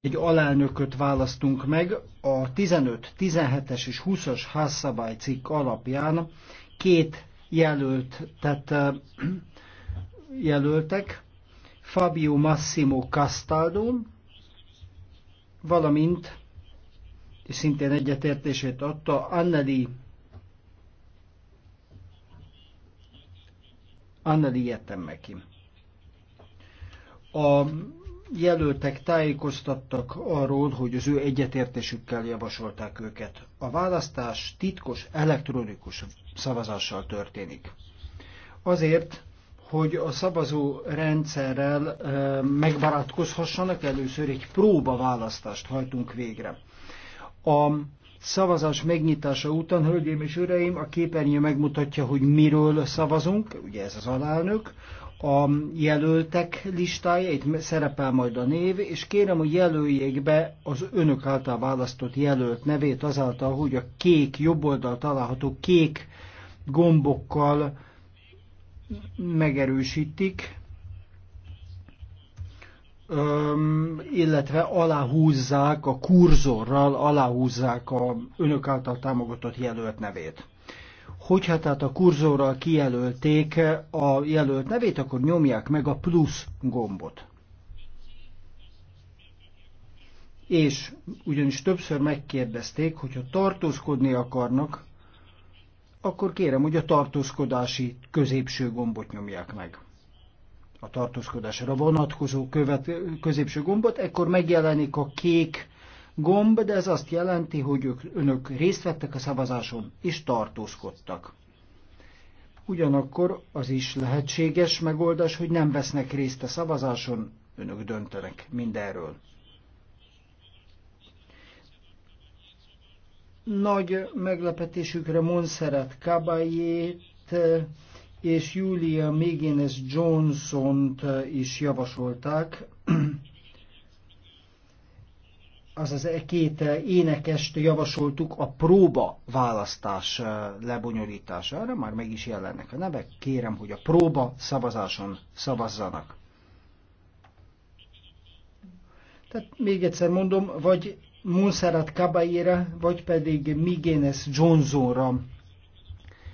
egy alelnököt választunk meg a 15, 17-es és 20-as cikk alapján két jelölt, tehát jelöltek, Fabio Massimo Castaldo, valamint, és szintén egyetértését adta, Anneli Anneli neki. A jelöltek tájékoztattak arról, hogy az ő egyetértésükkel javasolták őket. A választás titkos elektronikus szavazással történik. Azért, hogy a szavazó rendszerrel e, megbarátkozhassanak, először egy próba választást hajtunk végre. A szavazás megnyitása után, hölgyeim és uraim, a képernyő megmutatja, hogy miről szavazunk, ugye ez az alelnök, a jelöltek listája, itt szerepel majd a név, és kérem, hogy jelöljék be az önök által választott jelölt nevét azáltal, hogy a kék, jobb oldal található kék gombokkal megerősítik, illetve aláhúzzák a kurzorral, aláhúzzák a önök által támogatott jelölt nevét. Hogyha tehát a kurzorral kijelölték eh, a jelölt nevét, akkor nyomják meg a plusz gombot. És ugyanis többször megkérdezték, hogyha tartózkodni akarnak, akkor kérem, hogy a tartózkodási középső gombot nyomják meg. A tartózkodásra vonatkozó követ, középső gombot, ekkor megjelenik a kék gomb, de ez azt jelenti, hogy ők, önök részt vettek a szavazáson és tartózkodtak. Ugyanakkor az is lehetséges megoldás, hogy nem vesznek részt a szavazáson, önök döntenek mindenről. Nagy meglepetésükre Monserrat Caballét és Julia Mégénes Johnson-t is javasolták, azaz e két e, énekest javasoltuk a próba választás e, lebonyolítására, már meg is jelennek a nevek, kérem, hogy a próba szavazáson szavazzanak. Tehát még egyszer mondom, vagy Monserrat Caballera, vagy pedig Migénes Johnsonra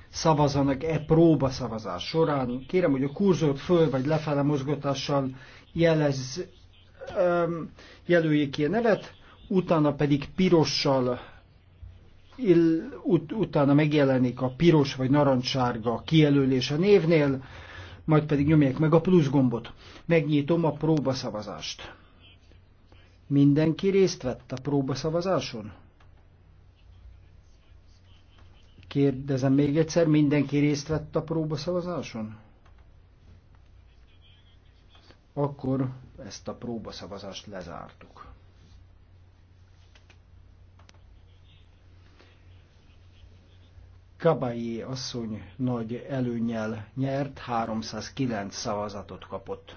szavazanak e próba szavazás során. Kérem, hogy a kurzort föl vagy lefele mozgatással jelez, e, jelöljék ki a nevet utána pedig pirossal, ill, ut, utána megjelenik a piros vagy narancssárga kijelölés a névnél, majd pedig nyomják meg a plusz gombot. Megnyitom a próbaszavazást. Mindenki részt vett a próbaszavazáson? Kérdezem még egyszer, mindenki részt vett a próbaszavazáson? Akkor ezt a próbaszavazást lezártuk. Kabayé asszony nagy előnyel nyert, 309 szavazatot kapott.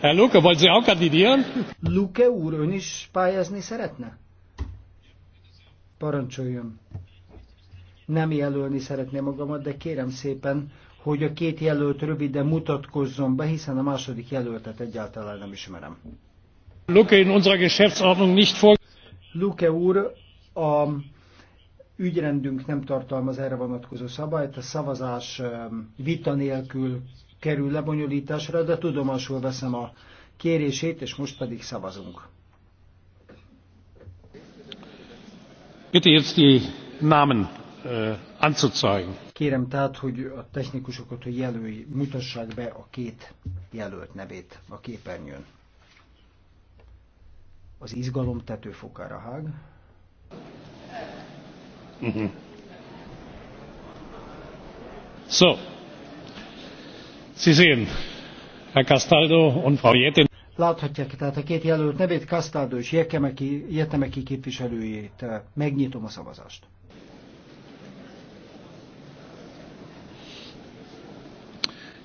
Luke, vagy Sie auch Luke úr, ön is pályázni szeretne? Parancsoljon. Nem jelölni szeretné magamat, de kérem szépen, hogy a két jelölt röviden mutatkozzon be, hiszen a második jelöltet egyáltalán nem ismerem. Luke in unserer Geschäftsordnung nicht vor. Luke úr, a ügyrendünk nem tartalmaz erre vonatkozó szabályt, a szavazás ehm, vita nélkül kerül lebonyolításra, de tudomásul veszem a kérését, és most pedig szavazunk. Bitte jetzt die Namen äh, anzuzeigen. Kérem tehát, hogy a technikusokat, hogy jelölj, mutassák be a két jelölt nevét a képernyőn. Az izgalom tetőfokára hág. Mm-hmm. So, Sie sehen, Herr Castaldo und Frau Jettin. Láthatják tehát a két jelölt nevét, Castaldo és Jettemeki képviselőjét. Megnyitom a szavazást.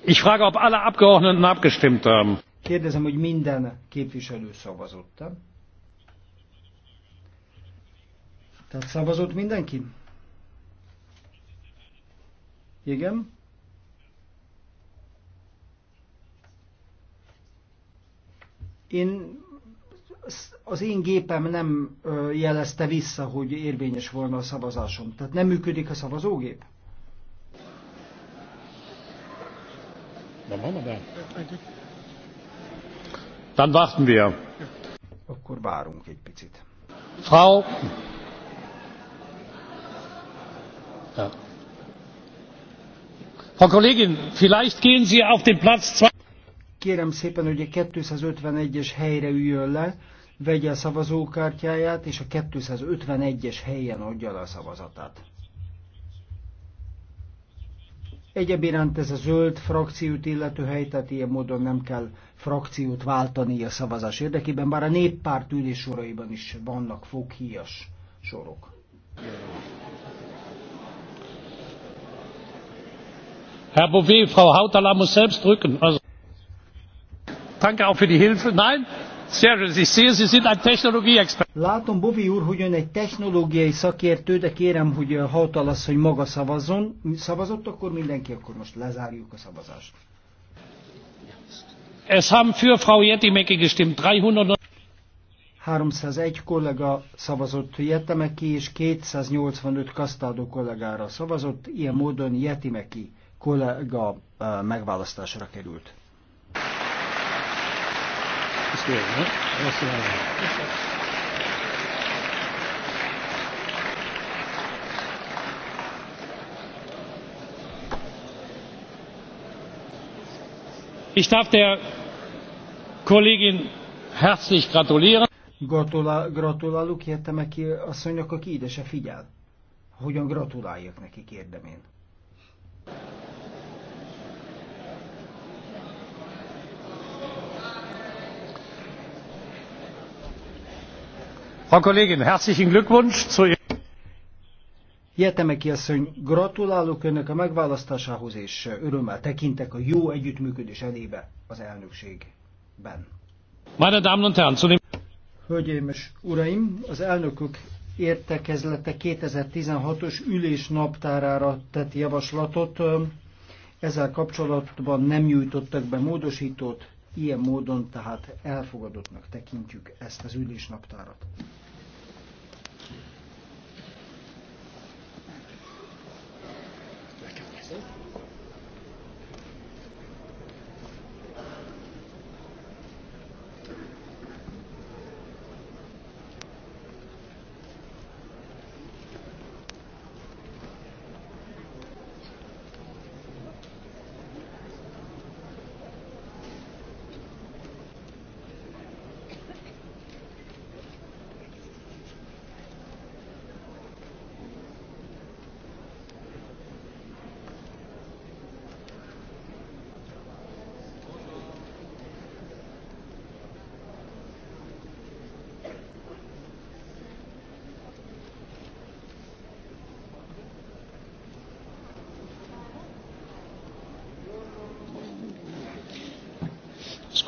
Ich frage, ob alle Abgeordneten abgestimmt haben. Kérdezem, hogy minden képviselő szavazott Tehát szavazott mindenki? Igen? Én az én gépem nem jelezte vissza, hogy érvényes volna a szavazásom. Tehát nem működik a szavazógép? Dann warten wir. Akkor várunk egy picit. Frau. Ja. Frau Kollegin, vielleicht gehen Sie auf den Platz 2. Kérem szépen, hogy a 251-es helyre üljön le, vegye a szavazókártyáját, és a 251-es helyen adja le a szavazatát. Egyéb iránt ez a zöld frakciót illető hely, tehát ilyen módon nem kell frakciót váltani a szavazás érdekében, bár a néppárt soraiban is vannak foghíjas sorok. Herr Bové, Frau Hautala muss selbst drücken. Also, danke auch für die Hilfe. Nein, Látom, Bovi úr, hogy ön egy technológiai szakértő, de kérem, hogy hatal az, hogy maga szavazzon. Szavazott, akkor mindenki, akkor most lezárjuk a szavazást. Es haben für Frau Jettimecki gestimmt 300... 301 kollega szavazott Jettemeki, és 285 kasztádó kollégára szavazott, ilyen módon Jettimeki kollega megválasztásra került ich darf der kollegin herzlich gratulieren. gratulálok, értem ki asszonynak, aki ide se figyel. Hogyan gratuláljak neki, kérdem én. Frau Kollegin, herzlichen Glückwunsch zu Jetemeki asszony, gratulálok Önnek a megválasztásához, és örömmel tekintek a jó együttműködés elébe az elnökségben. Meine Damen und Herren, zu dem... Hölgyeim és Uraim, az elnökök értekezlete 2016-os ülés naptárára tett javaslatot. Ezzel kapcsolatban nem nyújtottak be módosítót, Ilyen módon tehát elfogadottnak tekintjük ezt az ülésnaptárat.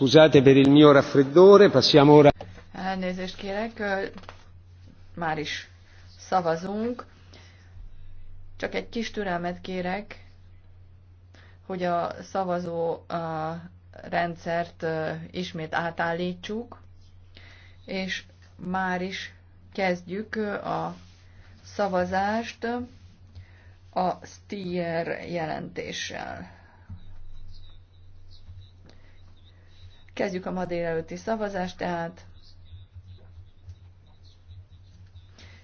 Scusate per il mio raffreddore, passiamo ora. Elnézést kérek, már is szavazunk. Csak egy kis türelmet kérek, hogy a szavazó rendszert ismét átállítsuk, és már is kezdjük a szavazást a STIER jelentéssel. Kezdjük a ma délelőtti szavazást, tehát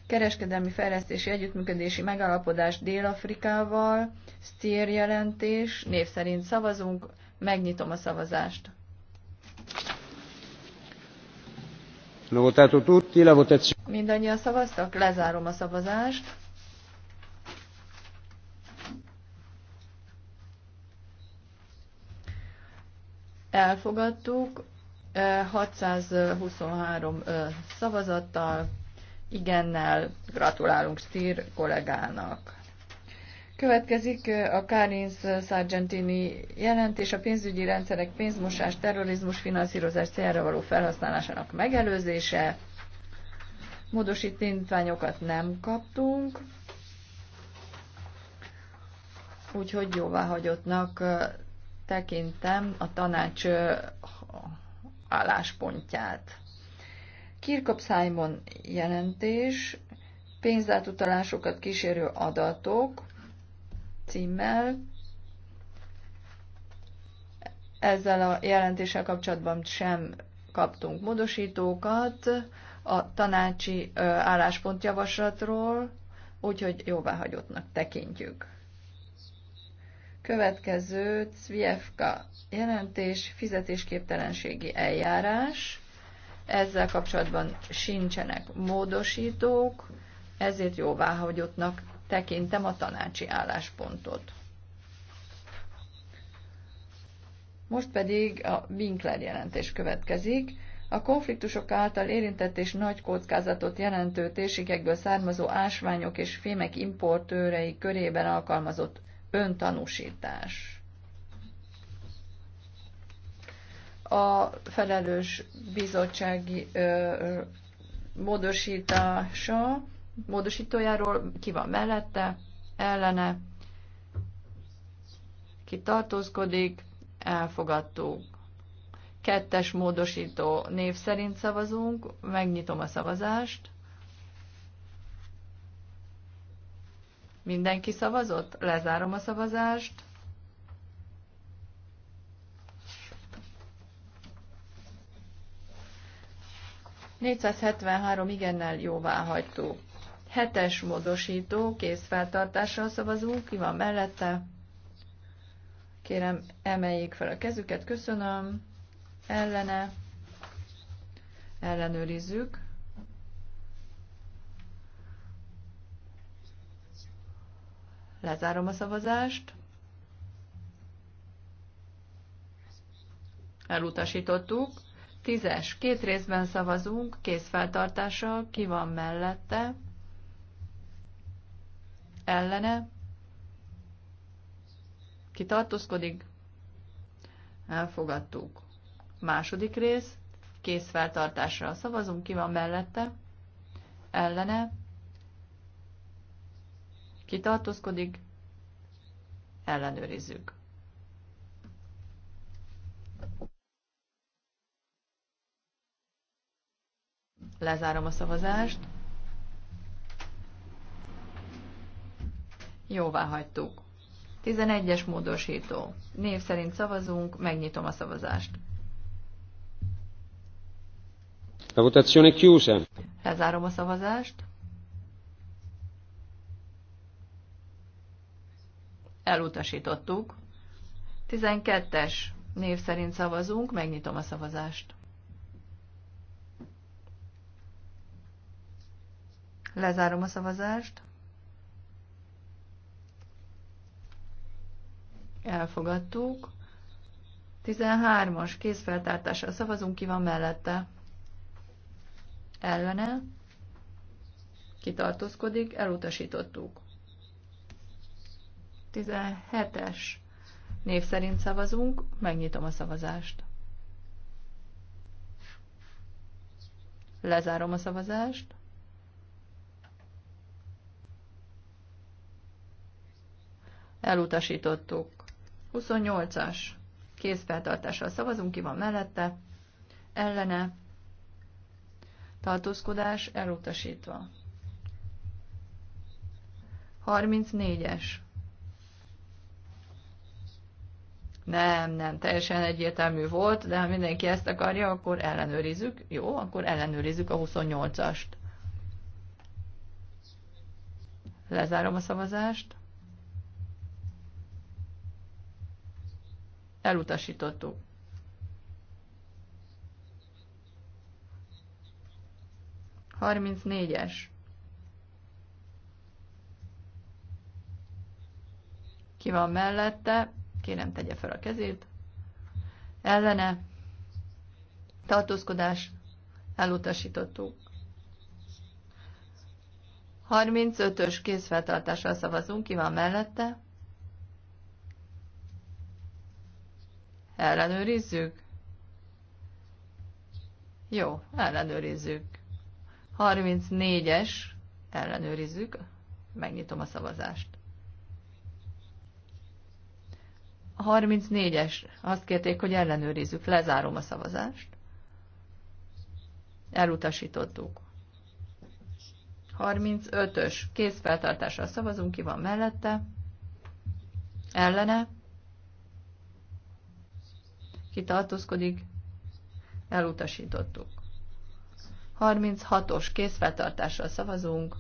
kereskedelmi fejlesztési együttműködési megalapodás Dél-Afrikával, Stier jelentés, név szerint szavazunk, megnyitom a szavazást. Mindannyian szavaztak? Lezárom a szavazást. elfogadtuk 623 szavazattal, igennel gratulálunk Stier kollégának. Következik a Kárins Sargentini jelentés a pénzügyi rendszerek pénzmosás, terrorizmus finanszírozás célra való felhasználásának megelőzése. Módosítványokat nem kaptunk, úgyhogy jóváhagyottnak tekintem a tanács álláspontját. Kirkop Simon jelentés, pénzátutalásokat kísérő adatok címmel. Ezzel a jelentéssel kapcsolatban sem kaptunk módosítókat a tanácsi álláspontjavaslatról, úgyhogy jóváhagyottnak tekintjük. Következő Cvjevka jelentés, fizetésképtelenségi eljárás. Ezzel kapcsolatban sincsenek módosítók, ezért jóváhagyottnak tekintem a tanácsi álláspontot. Most pedig a Winkler jelentés következik. A konfliktusok által érintett és nagy kockázatot jelentő térségekből származó ásványok és fémek importőrei körében alkalmazott öntanúsítás. A felelős bizottsági ö, módosítása, módosítójáról ki van mellette, ellene, ki tartózkodik, elfogadtuk. Kettes módosító név szerint szavazunk, megnyitom a szavazást. Mindenki szavazott? Lezárom a szavazást. ...473 igennel jóvá hagytuk. Hetes módosító, készfeltartással szavazunk, ki van mellette? Kérem, emeljék fel a kezüket, köszönöm. Ellene. Ellenőrizzük. Lezárom a szavazást. Elutasítottuk. Tízes. Két részben szavazunk, kézfeltartással, ki van mellette, ellene, ki tartózkodik, elfogadtuk. Második rész, kézfeltartásra szavazunk, ki van mellette, ellene, kitartózkodik, ellenőrizzük. Lezárom a szavazást. Jóvá hagytuk. 11-es módosító. Név szerint szavazunk, megnyitom a szavazást. La votazione chiusa. Lezárom a szavazást. elutasítottuk. 12-es név szerint szavazunk, megnyitom a szavazást. Lezárom a szavazást. Elfogadtuk. 13-as kézfeltártásra szavazunk, ki van mellette. Ellene. Kitartózkodik, elutasítottuk. 2017 es név szerint szavazunk, megnyitom a szavazást. Lezárom a szavazást. Elutasítottuk. 28-as kézfeltartással szavazunk, ki van mellette, ellene, tartózkodás elutasítva. 34-es Nem, nem, teljesen egyértelmű volt, de ha mindenki ezt akarja, akkor ellenőrizzük. Jó, akkor ellenőrizzük a 28-ast. Lezárom a szavazást. Elutasítottuk. Harminc négyes. Ki van mellette? Kérem, tegye fel a kezét. Ellene. Tartózkodás. Elutasítottuk. 35-ös kézfeltartással szavazunk. Ki van mellette? Ellenőrizzük? Jó, ellenőrizzük. 34-es, ellenőrizzük, megnyitom a szavazást. 34-es. Azt kérték, hogy ellenőrizzük. Lezárom a szavazást. Elutasítottuk. 35-ös. Kézfeltartással szavazunk. Ki van mellette? Ellene? Ki tartózkodik? Elutasítottuk. 36-os. Kézfeltartással szavazunk.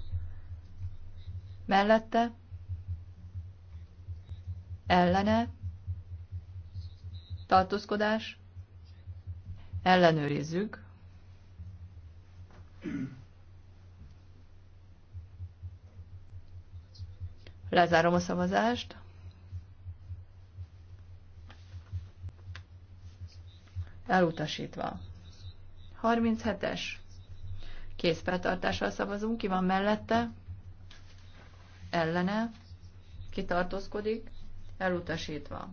Mellette? Ellene? tartózkodás, ellenőrizzük. Lezárom a szavazást. Elutasítva. 37-es. Készfeltartással szavazunk. Ki van mellette? Ellene. Kitartózkodik. Elutasítva.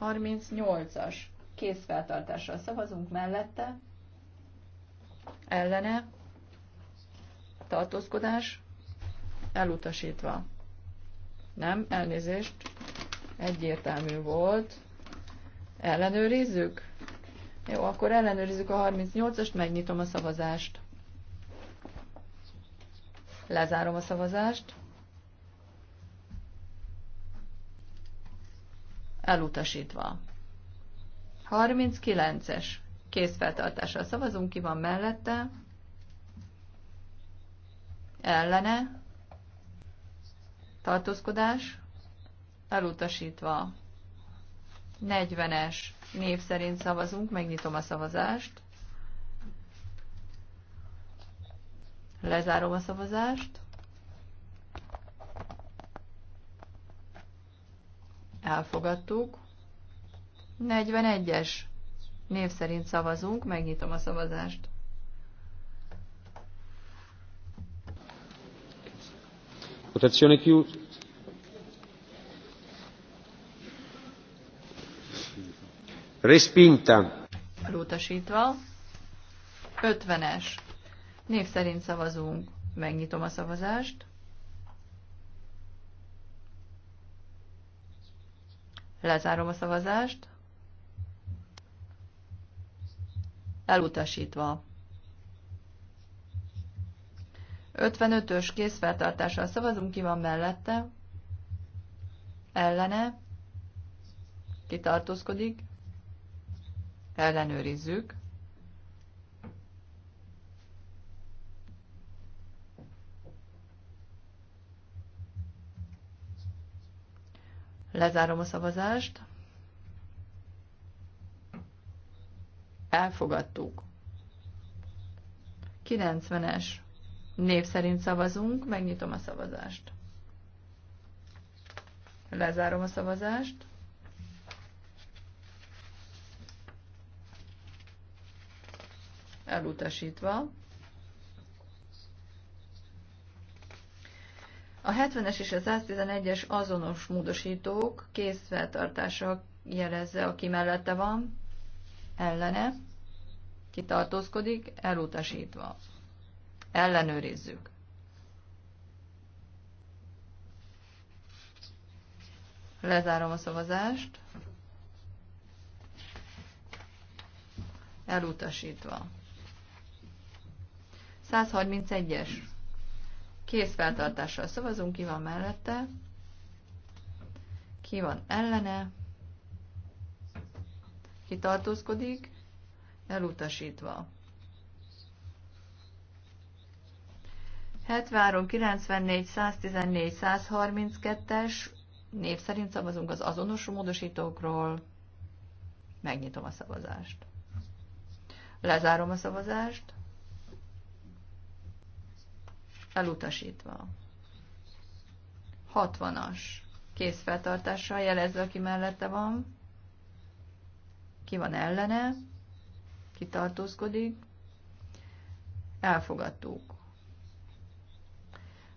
38-as készfeltartással szavazunk mellette, ellene, tartózkodás, elutasítva. Nem, elnézést, egyértelmű volt. Ellenőrizzük? Jó, akkor ellenőrizzük a 38-ast, megnyitom a szavazást. Lezárom a szavazást. elutasítva. 39-es készfeltartással szavazunk, ki van mellette, ellene, tartózkodás, elutasítva. 40-es név szerint szavazunk, megnyitom a szavazást. Lezárom a szavazást. elfogadtuk. 41-es név szerint szavazunk, megnyitom a szavazást. Votazione chiusa. Respinta. Elutasítva. 50-es. Név szerint szavazunk. Megnyitom a szavazást. Lezárom a szavazást. Elutasítva. 55-ös készfeltartással szavazunk, ki van mellette, ellene, kitartózkodik, ellenőrizzük. Lezárom a szavazást. Elfogadtuk. 90-es. Név szerint szavazunk, megnyitom a szavazást. Lezárom a szavazást. Elutasítva. A 70-es és a 111-es azonos módosítók kész feltartása jelezze, aki mellette van, ellene, kitartózkodik, elutasítva. Ellenőrizzük. Lezárom a szavazást. Elutasítva. 131-es Kész feltartással szavazunk, ki van mellette, ki van ellene, ki tartózkodik, elutasítva. 73, 94, 114, 132-es név szerint szavazunk az azonos módosítókról. Megnyitom a szavazást. Lezárom a szavazást elutasítva. 60-as kézfeltartással jelezze, aki mellette van, ki van ellene, ki tartózkodik, elfogadtuk.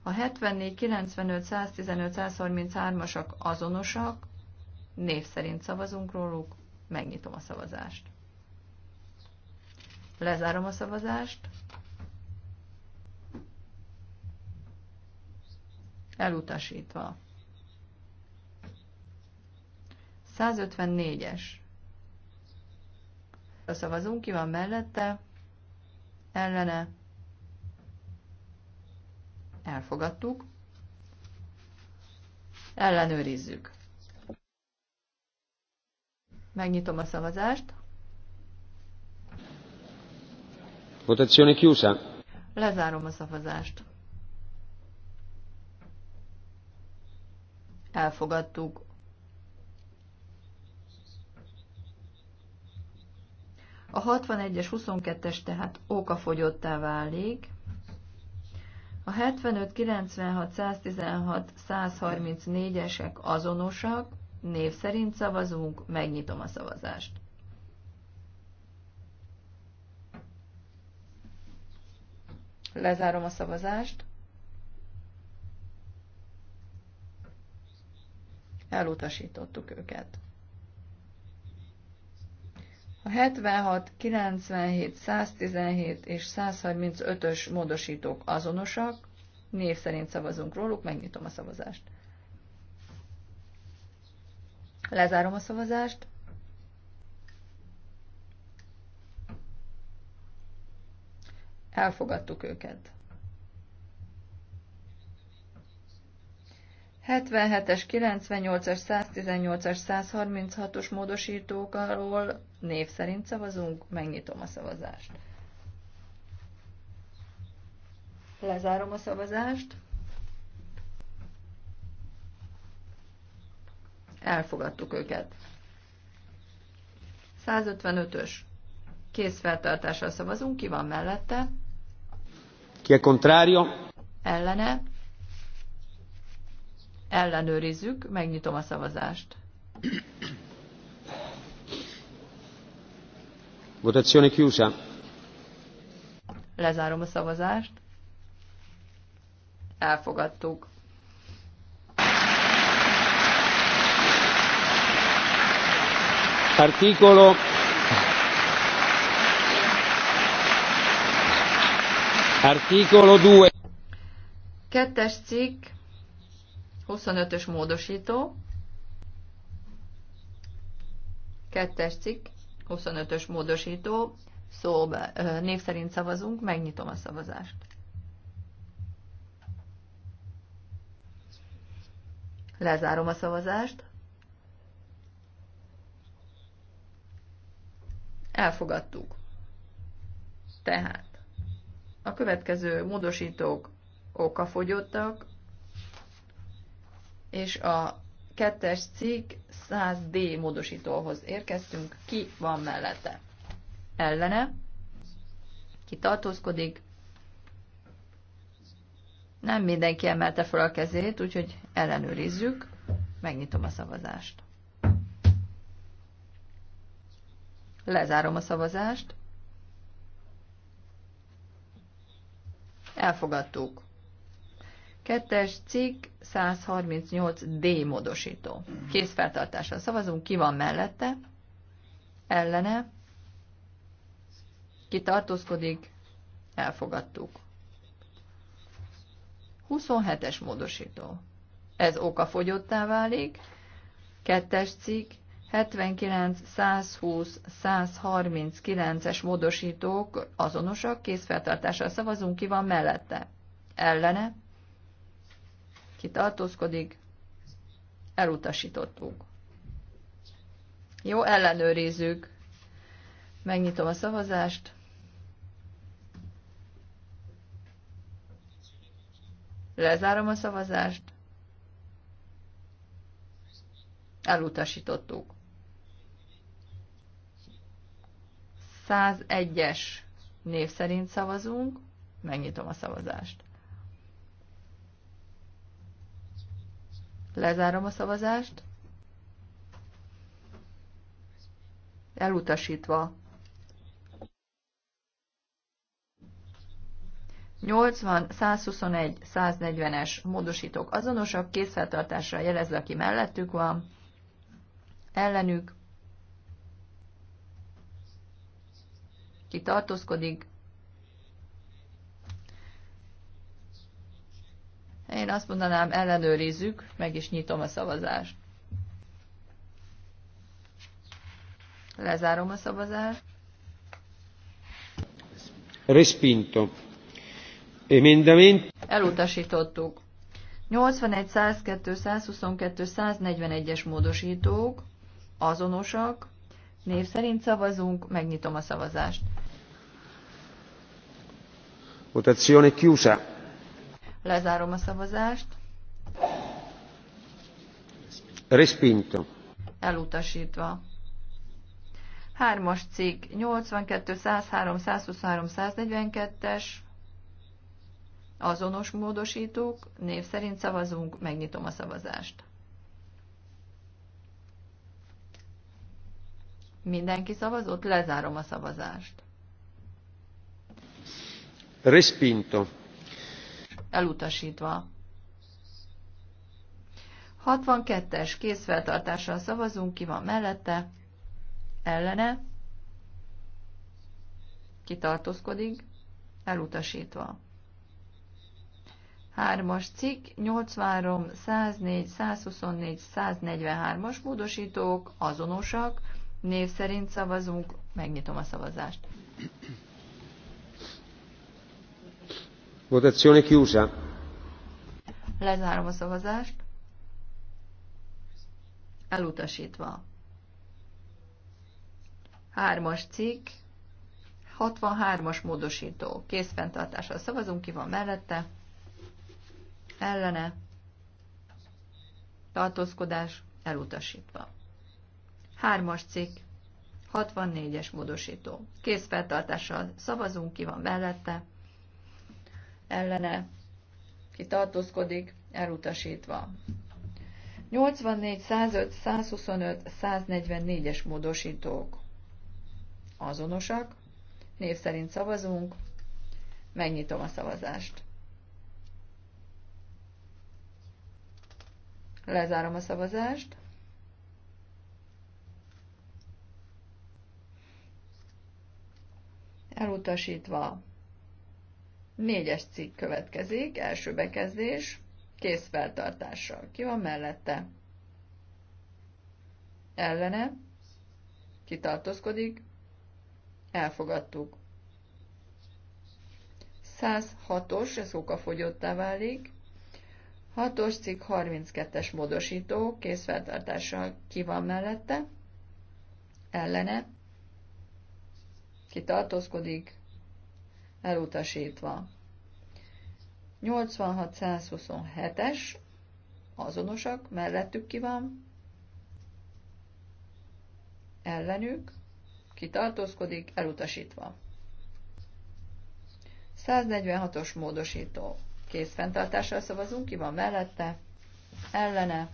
A 74, 95, 115, 133-asak azonosak, név szerint szavazunk róluk, megnyitom a szavazást. Lezárom a szavazást. Elutasítva. 154-es. Szavazunk, ki van mellette, ellene, elfogadtuk, ellenőrizzük. Megnyitom a szavazást. Votazione chiusa. Lezárom a szavazást. elfogadtuk. A 61-es, 22-es tehát ókafogyottá válik. A 75, 96, 116, 134-esek azonosak, név szerint szavazunk, megnyitom a szavazást. Lezárom a szavazást. elutasítottuk őket. A 76, 97, 117 és 135-ös módosítók azonosak, név szerint szavazunk róluk, megnyitom a szavazást. Lezárom a szavazást. Elfogadtuk őket. 77-es, 98-as, 118-as, 136-os módosítókról név szerint szavazunk, megnyitom a szavazást. Lezárom a szavazást. Elfogadtuk őket. 155-ös. feltartással szavazunk, ki van mellette? Ki a contrario? Ellene ellenőrizzük, megnyitom a szavazást. Votazione chiusa. Lezárom a szavazást. Elfogadtuk. Articolo Articolo 2 Kettes cikk 25-ös módosító, 2-es cikk, 25-ös módosító, szóba, név szerint szavazunk, megnyitom a szavazást. Lezárom a szavazást. Elfogadtuk. Tehát a következő módosítók okafogyottak, és a kettes cikk 100D módosítóhoz érkeztünk. Ki van mellette? Ellene? Ki tartózkodik? Nem mindenki emelte fel a kezét, úgyhogy ellenőrizzük. Megnyitom a szavazást. Lezárom a szavazást. Elfogadtuk. Kettes cikk 138D módosító. Készfeltartással szavazunk, ki van mellette, ellene, ki tartózkodik, elfogadtuk. 27-es módosító. Ez okafogyottá válik. Kettes cikk 79, 120, 139-es módosítók azonosak, készfeltartással szavazunk, ki van mellette. Ellene, ki tartózkodik, elutasítottuk. Jó, ellenőrizzük. Megnyitom a szavazást. Lezárom a szavazást. Elutasítottuk. 101-es név szerint szavazunk. Megnyitom a szavazást. Lezárom a szavazást. Elutasítva. 80, 121, 140-es módosítók azonosak, készfeltartásra jelezze, aki mellettük van, ellenük, ki tartózkodik, Én azt mondanám, ellenőrizzük, meg is nyitom a szavazást. Lezárom a szavazást. Respinto. Emendament. Elutasítottuk. 81, 102, 122, 141-es módosítók azonosak. Név szerint szavazunk, megnyitom a szavazást. Votazione chiusa. Lezárom a szavazást. Respinto. Elutasítva. Hármas cikk, 82, 103, 123, 142-es, azonos módosítók, név szerint szavazunk, megnyitom a szavazást. Mindenki szavazott, lezárom a szavazást. Respinto elutasítva. 62-es készfeltartással szavazunk, ki van mellette, ellene, kitartózkodik, elutasítva. 3-as cikk, 83, 104, 124, 143-as módosítók azonosak, név szerint szavazunk, megnyitom a szavazást. Votazione chiusa. Lezárom a szavazást. Elutasítva. Hármas cikk. 63-as módosító. Készfenntartással szavazunk, ki van mellette. Ellene. Tartózkodás elutasítva. Hármas cikk. 64-es módosító. Készfeltartással szavazunk, ki van mellette ellene ki elutasítva. 84, 105, 125, 144-es módosítók azonosak, név szerint szavazunk, megnyitom a szavazást. Lezárom a szavazást. Elutasítva Négyes cikk következik, első bekezdés, kész feltartással. Ki van mellette? Ellene, kitartózkodik, elfogadtuk. 106-os, ez okafogyottá válik. 6-os cikk 32-es módosító, készfeltartással ki van mellette, ellene, kitartózkodik, elutasítva. 86-127-es, azonosak, mellettük ki van, ellenük, kitartózkodik, elutasítva. 146-os módosító. Kész szavazunk, ki van mellette, ellene,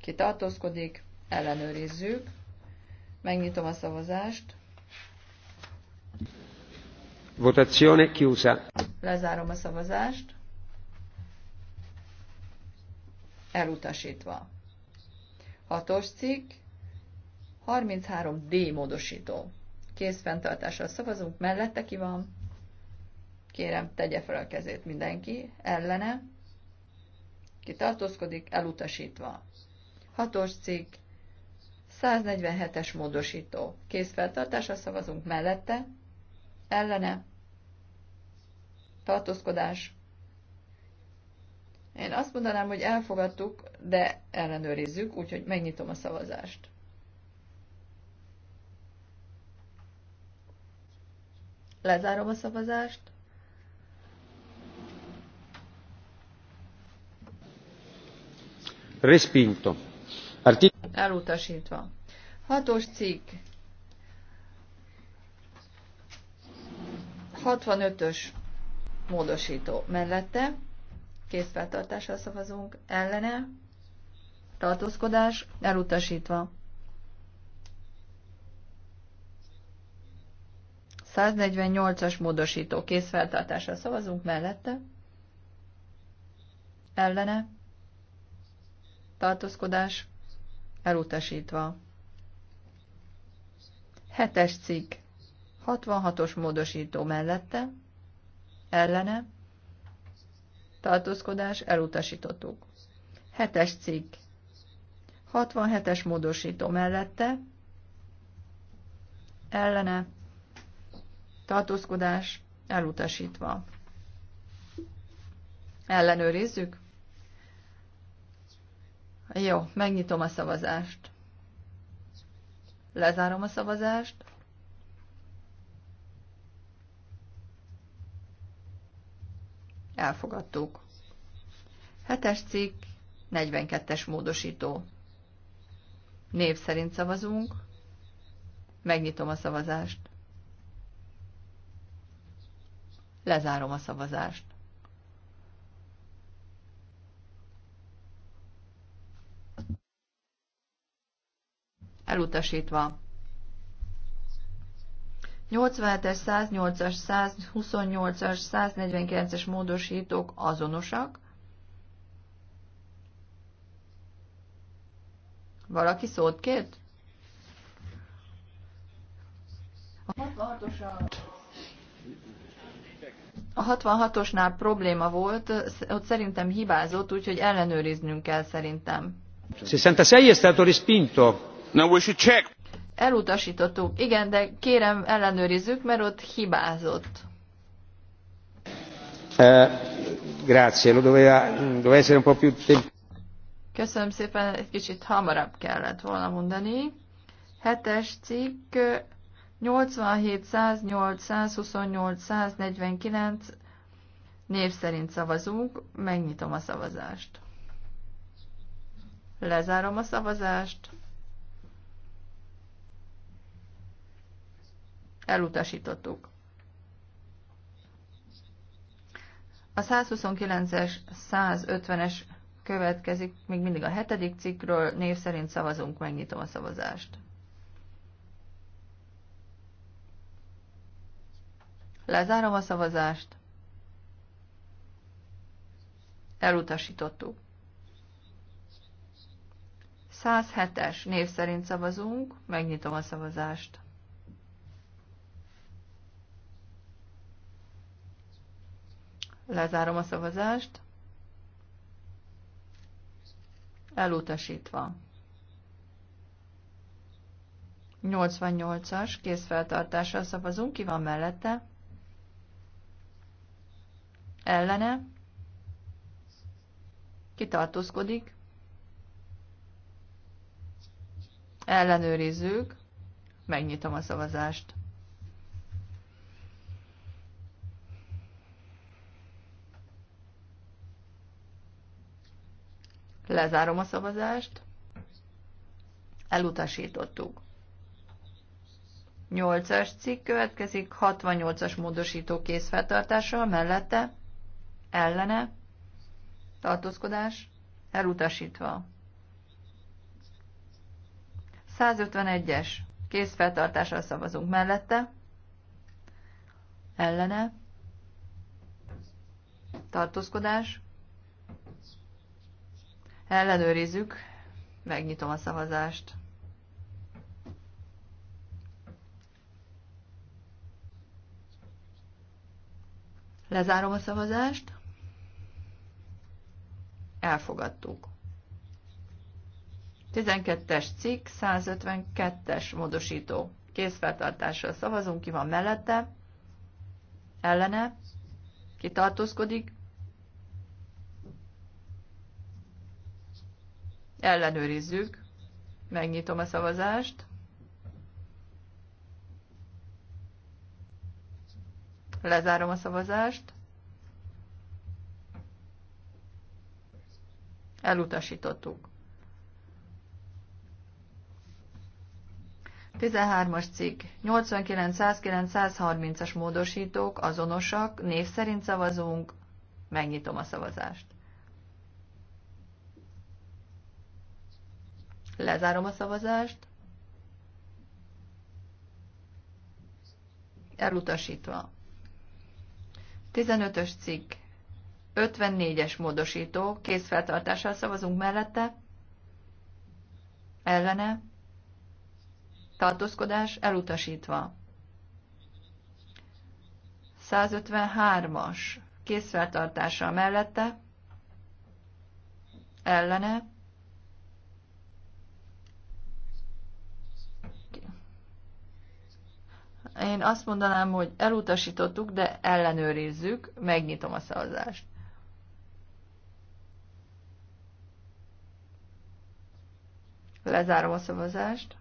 kitartózkodik, ellenőrizzük, megnyitom a szavazást, Votazione chiusa. Lezárom a szavazást. Elutasítva. Hatos cikk. 33D módosító. fenntartással szavazunk. Mellette ki van? Kérem, tegye fel a kezét mindenki. Ellene. Ki tartózkodik? Elutasítva. Hatos cikk. 147-es módosító. Készfeltartásra szavazunk mellette, ellene, tartózkodás. Én azt mondanám, hogy elfogadtuk, de ellenőrizzük, úgyhogy megnyitom a szavazást. Lezárom a szavazást. Respinto. Artic- Elutasítva. Hatos cikk. 65-ös módosító mellette, készfeltartással szavazunk, ellene, tartózkodás, elutasítva. 148-as módosító készfeltartással szavazunk mellette, ellene, tartózkodás, elutasítva. 7-es cikk, 66-os módosító mellette, ellene, tartózkodás elutasítottuk. Hetes cikk. 67-es módosító mellette, ellene, tartózkodás elutasítva. Ellenőrizzük? Jó, megnyitom a szavazást. Lezárom a szavazást. Elfogadtuk. Hetes cikk, 42-es módosító. Név szerint szavazunk. Megnyitom a szavazást. Lezárom a szavazást. Elutasítva. 87-es, 108-as, 128-as, 149-es módosítók azonosak. Valaki szót kért? A 66-os a 66-osnál probléma volt, ott szerintem hibázott, úgyhogy ellenőriznünk kell szerintem. 66 è stato respinto. Now we should check. Elutasítottuk. Igen, de kérem ellenőrizzük, mert ott hibázott. Eh, Köszönöm szépen, egy kicsit hamarabb kellett volna mondani. Hetes cikk 87, 108, 128, 149 név szerint szavazunk. Megnyitom a szavazást. Lezárom a szavazást. elutasítottuk. A 129-es, 150-es következik, még mindig a hetedik cikkről, név szerint szavazunk, megnyitom a szavazást. Lezárom a szavazást. Elutasítottuk. 107-es név szerint szavazunk, megnyitom a szavazást. Lezárom a szavazást. Elutasítva. 88-as készfeltartással szavazunk. Ki van mellette? Ellene? Ki tartózkodik? Ellenőrizzük. Megnyitom a szavazást. Lezárom a szavazást. Elutasítottuk. 8-as cikk következik, 68-as módosító készfeltartása, mellette, ellene, tartózkodás, elutasítva. 151-es készfeltartással szavazunk mellette, ellene, tartózkodás, Ellenőrizzük, megnyitom a szavazást. Lezárom a szavazást. Elfogadtuk. 12-es cikk, 152-es módosító. Készfeltartással szavazunk, ki van mellette, ellene, kitartózkodik. tartózkodik, Ellenőrizzük. Megnyitom a szavazást. Lezárom a szavazást. Elutasítottuk. 13-as cikk. 89, 109, 130-as módosítók azonosak, név szerint szavazunk, megnyitom a szavazást. Lezárom a szavazást. Elutasítva. 15-ös cikk. 54-es módosító. Készfeltartással szavazunk mellette. Ellene. Tartózkodás elutasítva. 153-as Készfeltartással mellette, ellene, én azt mondanám, hogy elutasítottuk, de ellenőrizzük, megnyitom a szavazást. Lezárom a szavazást.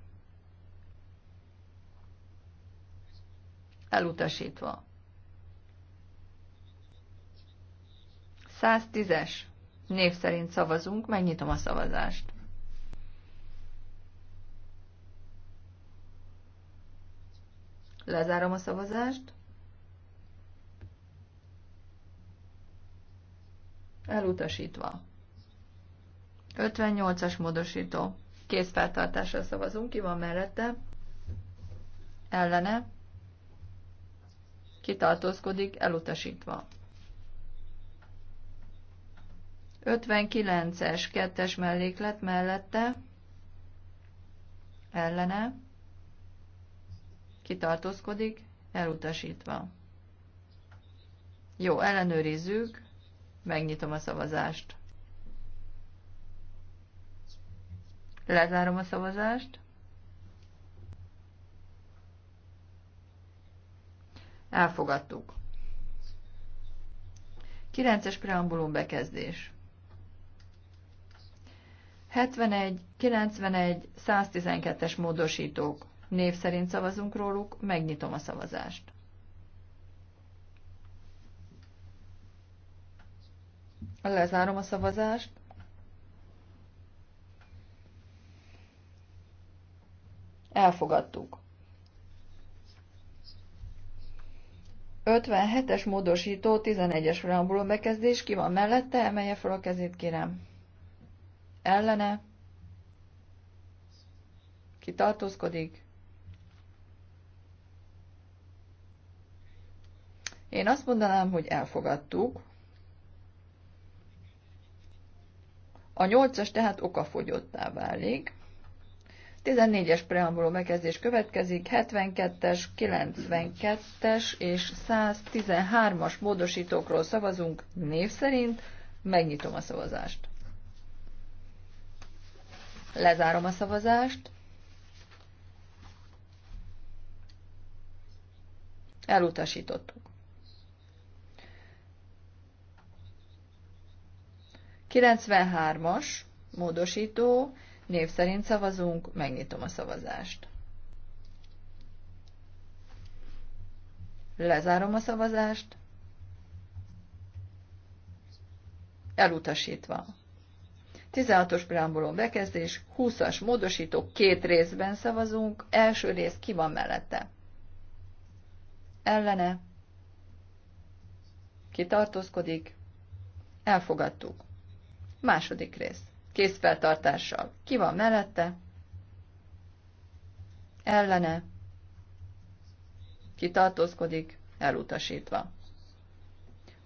Elutasítva. 110-es. Név szerint szavazunk, megnyitom a szavazást. Lezárom a szavazást. Elutasítva. 58-as módosító. Készfeltartásra szavazunk. Ki van mellette? Ellene. Kitartózkodik. Elutasítva. 59-es kettes melléklet mellette. Ellene kitartózkodik, elutasítva. Jó, ellenőrizzük, megnyitom a szavazást. Lezárom a szavazást. Elfogadtuk. 9-es preambulum bekezdés. 71, 91, 112-es módosítók. Név szerint szavazunk róluk, megnyitom a szavazást. Lezárom a szavazást. Elfogadtuk. 57-es módosító 11-es preambulum bekezdés. Ki van mellette? Emelje fel a kezét, kérem. Ellene. Ki tartózkodik? Én azt mondanám, hogy elfogadtuk. A nyolcas tehát okafogyottá válik. 14-es preambuló megkezdés következik, 72-es, 92-es és 113-as módosítókról szavazunk név szerint. Megnyitom a szavazást. Lezárom a szavazást. Elutasítottuk. 93-as módosító, név szerint szavazunk, megnyitom a szavazást. Lezárom a szavazást. Elutasítva. 16-os preambuló bekezdés, 20-as módosító, két részben szavazunk, első rész ki van mellette? Ellene, kitartózkodik, elfogadtuk. Második rész. Készfeltartással. Ki van mellette? Ellene. Ki Elutasítva.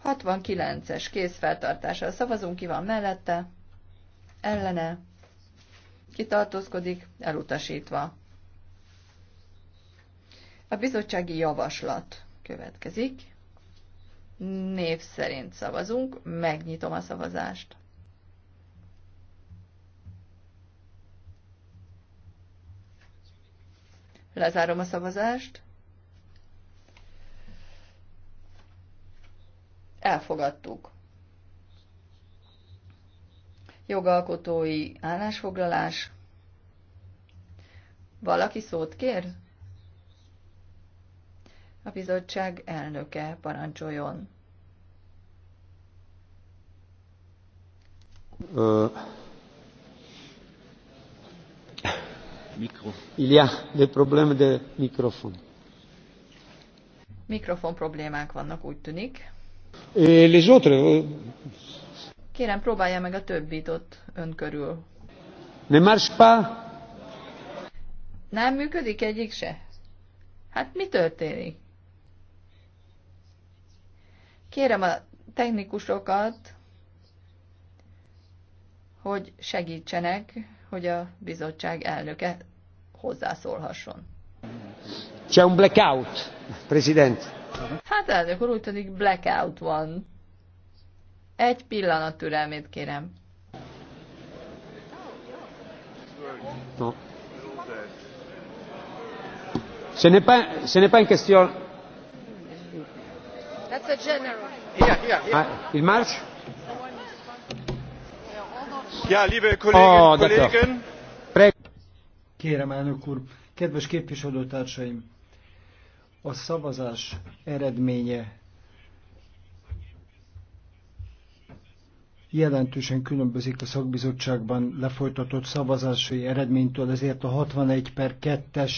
69-es készfeltartással szavazunk, ki van mellette? Ellene. Ki Elutasítva. A bizottsági javaslat következik. Név szerint szavazunk, megnyitom a szavazást. Lezárom a szavazást. Elfogadtuk. Jogalkotói állásfoglalás. Valaki szót kér? A bizottság elnöke parancsoljon. Mikro. Il y a des problèmes de microphone. Mikrofon problémák vannak, úgy tűnik. E, les autres... Euh, Kérem, próbálja meg a többit ott ön körül. Ne marche pas. Nem működik egyik se? Hát mi történik? Kérem a technikusokat, hogy segítsenek hogy a bizottság elnöke hozzászólhasson. C'è un blackout, president. Hát elnök úr, úgy tűnik blackout van. Egy pillanat türelmét kérem. No. Ce n'est pas, ce n'est pas une question. That's a general. Yeah, yeah, yeah. Ah, il marche? Ah, Kérem, elnök úr, kedves képviselőtársaim, a szavazás eredménye jelentősen különbözik a szakbizottságban lefolytatott szavazási eredménytől, ezért a 61 per 2-es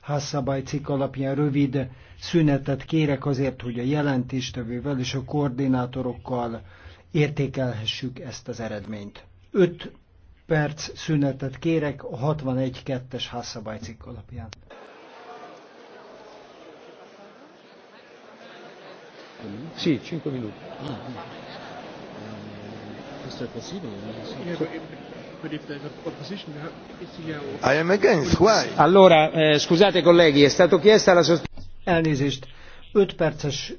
házszabálycikk alapján rövid szünetet kérek azért, hogy a jelentéstevővel és a koordinátorokkal értékelhessük ezt az eredményt. 5 perc szünetet kérek a 61.2-es házszabálycikk alapján. Sì, 5 minuti. Ah, eh, questo è possibile? I am against. Why? Allora, eh, scusate colleghi, è stato chiesta la sospensione. Elnézést, 5 perces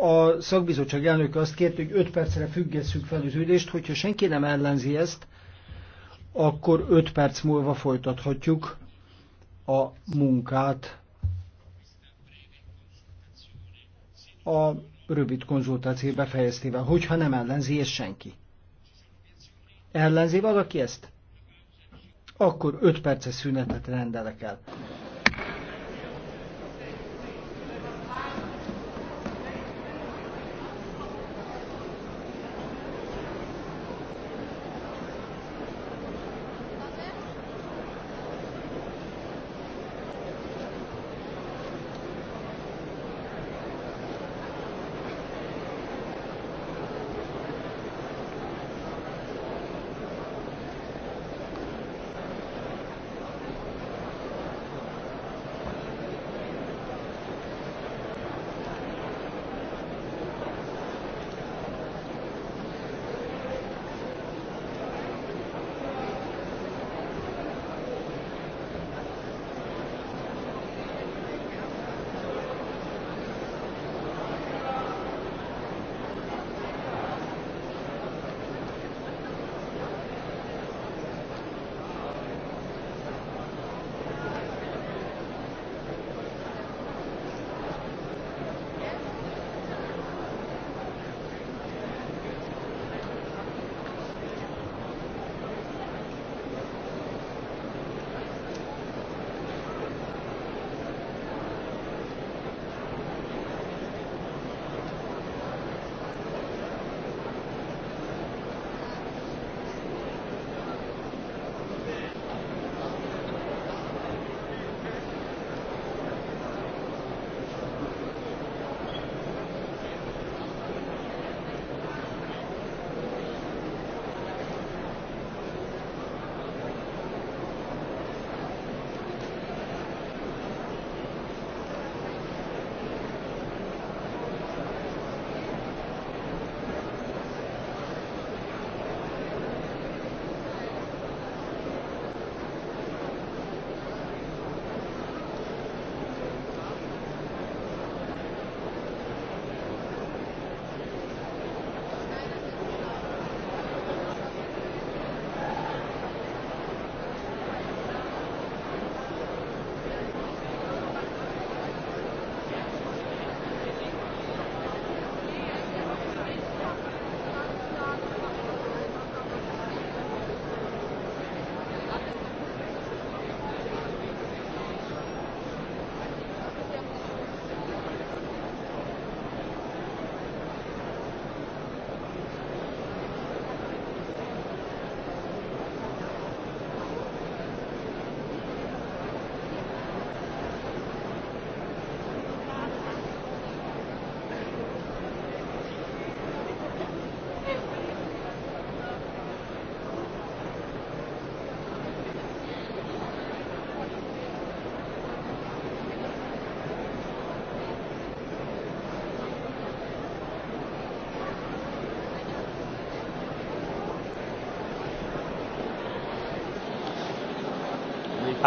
a szakbizottság elnöke azt kérte, hogy 5 percre függesszük fel az ülést, hogyha senki nem ellenzi ezt, akkor 5 perc múlva folytathatjuk a munkát. A rövid konzultáció befejeztével, hogyha nem ellenzi ezt senki. Ellenzi valaki ezt? Akkor 5 perces szünetet rendelek el.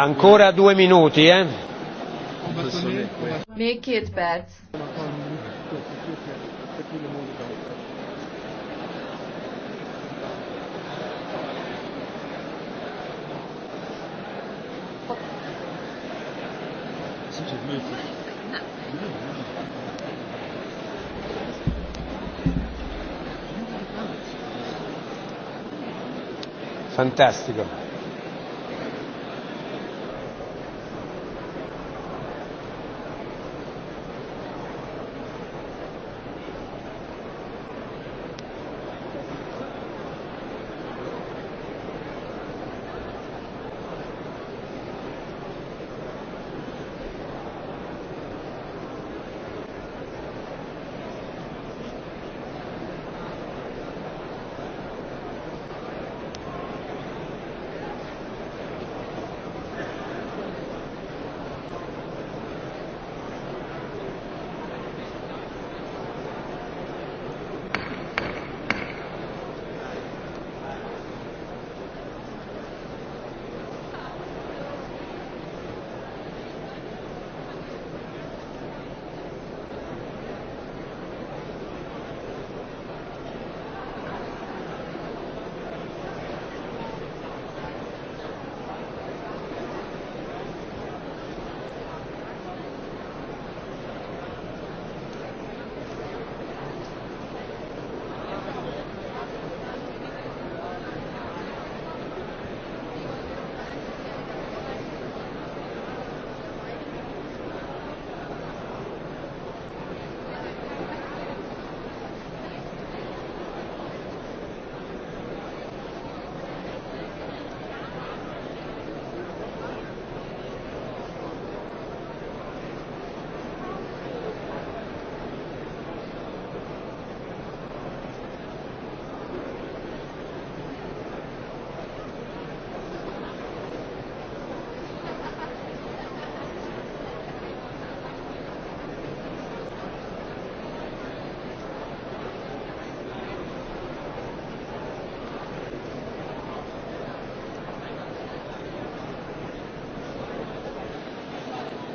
Ancora due minuti, eh? Még két perc. Fantastico.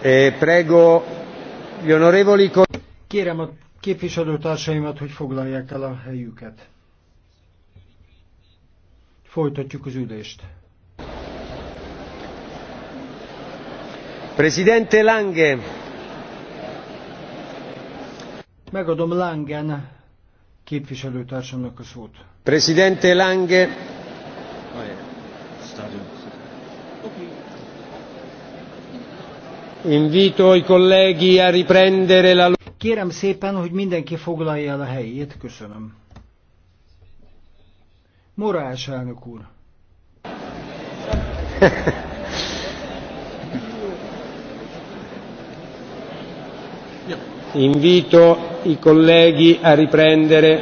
Eh, Kérem a képviselőtársaimat, hogy foglalják el a helyüket. Folytatjuk az ülést. Presidente Lange. Megadom Langen képviselőtársamnak a szót. Presidente Lange. Kérem szépen, hogy mindenki foglalja el a helyét. Köszönöm. Morás elnök úr. Invito i colleghi a riprendere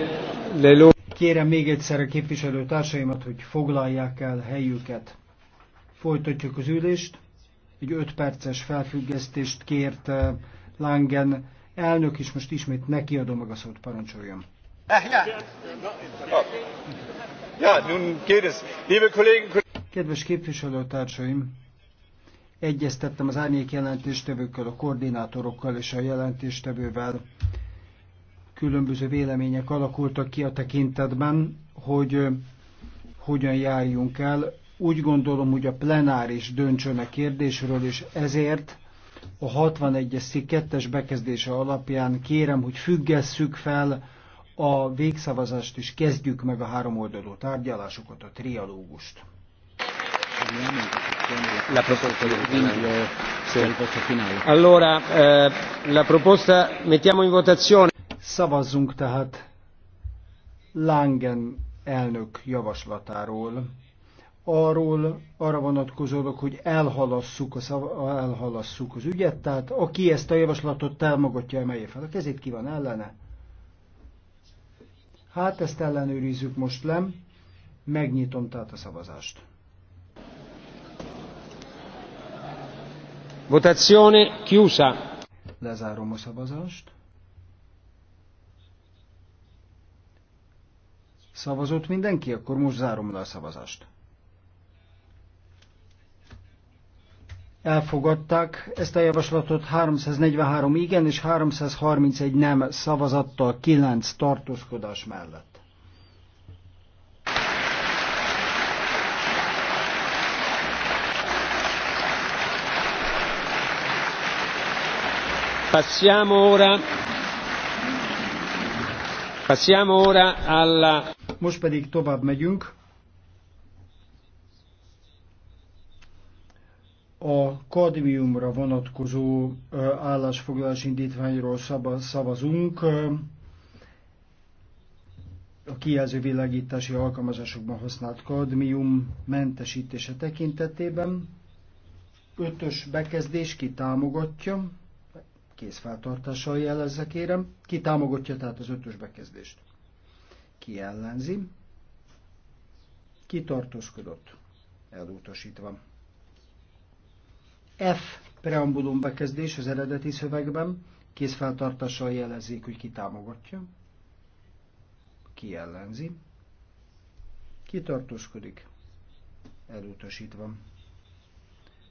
le loro... Kérem még egyszer a képviselőtársaimat, hogy foglalják el helyüket. Folytatjuk az ülést egy öt perces felfüggesztést kért eh, Langen elnök, és most ismét nekiadom meg a szót, parancsoljam. Eh, Kedves képviselőtársaim, egyeztettem az árnyék jelentéstevőkkel, a koordinátorokkal és a jelentéstevővel. Különböző vélemények alakultak ki a tekintetben, hogy eh, hogyan járjunk el. Úgy gondolom, hogy a plenáris döntsön a kérdésről, és ezért a 61-es szik 2-es bekezdése alapján kérem, hogy függesszük fel a végszavazást, és kezdjük meg a háromoldalú tárgyalásokat, a trialógust. La proposta del finale. Allora, eh, la proposta mettiamo in votazione. Szavazzunk tehát Langen elnök javaslatáról arról arra vonatkozólag, hogy elhalasszuk, a szav- elhalasszuk az ügyet, tehát aki ezt a javaslatot támogatja, emelje fel a kezét, ki van ellene. Hát ezt ellenőrizzük most le, megnyitom tehát a szavazást. Votazione chiusa. Lezárom a szavazást. Szavazott mindenki? Akkor most zárom le a szavazást. elfogadták ezt a javaslatot 343 igen és 331 nem szavazattal 9 tartózkodás mellett. Passiamo ora Passiamo ora alla Most pedig tovább megyünk a kadmiumra vonatkozó állásfoglalás indítványról szavazunk a kijelző világítási alkalmazásokban használt kadmium mentesítése tekintetében. Ötös bekezdés ki támogatja, készfeltartással jelezze kérem, ki támogatja tehát az ötös bekezdést. Ki ellenzi, ki tartózkodott, elutasítva. F preambulum bekezdés az eredeti szövegben, kézfeltartással jelezzék, hogy ki támogatja, ki ellenzi, ki tartózkodik, elutasítva.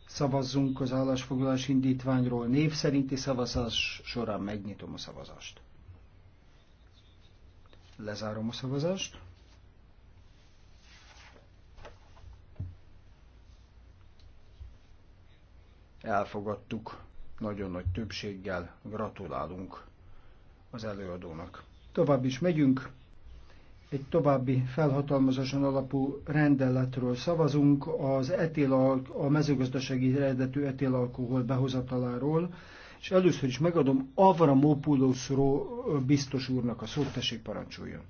Szavazzunk az állásfoglalás indítványról, név szerinti szavazás során megnyitom a szavazást. Lezárom a szavazást. elfogadtuk nagyon nagy többséggel. Gratulálunk az előadónak. Tovább is megyünk. Egy további felhatalmazáson alapú rendeletről szavazunk az etil, a mezőgazdasági eredetű etélalkohol behozataláról, és először is megadom Avramopoulos biztos úrnak a szót, tessék parancsoljon.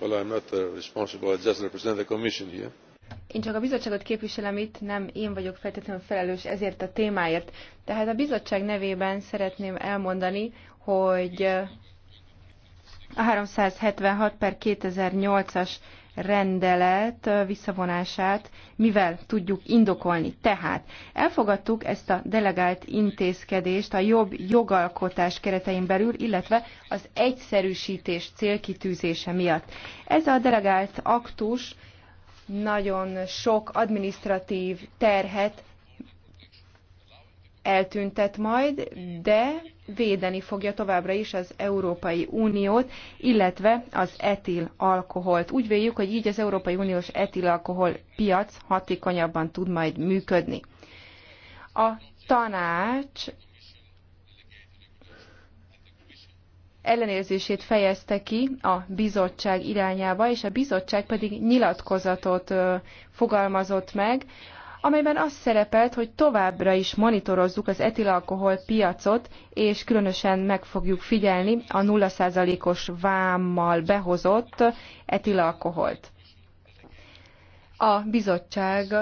Well, I'm not uh, responsible. I just represent the Commission here. Én csak a bizottságot képviselem itt, nem én vagyok feltétlenül felelős ezért a témáért. Tehát a bizottság nevében szeretném elmondani, hogy a 376 per 2008-as rendelet visszavonását, mivel tudjuk indokolni. Tehát elfogadtuk ezt a delegált intézkedést a jobb jogalkotás keretein belül, illetve az egyszerűsítés célkitűzése miatt. Ez a delegált aktus nagyon sok administratív terhet eltüntet majd, de védeni fogja továbbra is az Európai Uniót, illetve az etil alkoholt. Úgy véljük, hogy így az Európai Uniós etilalkohol piac hatékonyabban tud majd működni. A tanács ellenérzését fejezte ki a bizottság irányába, és a bizottság pedig nyilatkozatot fogalmazott meg, amelyben az szerepelt, hogy továbbra is monitorozzuk az etilalkohol piacot, és különösen meg fogjuk figyelni a 0%-os vámmal behozott etilalkoholt. A bizottság